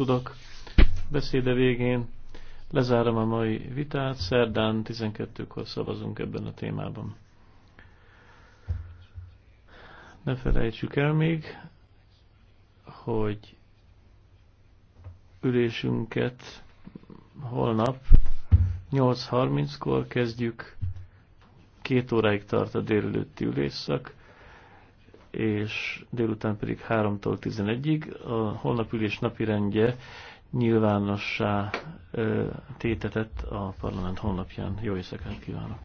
tudok beszéde végén. Lezárom a mai vitát, szerdán 12-kor szavazunk ebben a témában. Ne felejtsük el még, hogy ülésünket holnap 8.30-kor kezdjük, két óráig tart a délelőtti ülésszak, és délután pedig 3-tól 11-ig. A holnap ülés napirendje nyilvánossá tétetett a parlament honlapján. Jó éjszakát kívánok!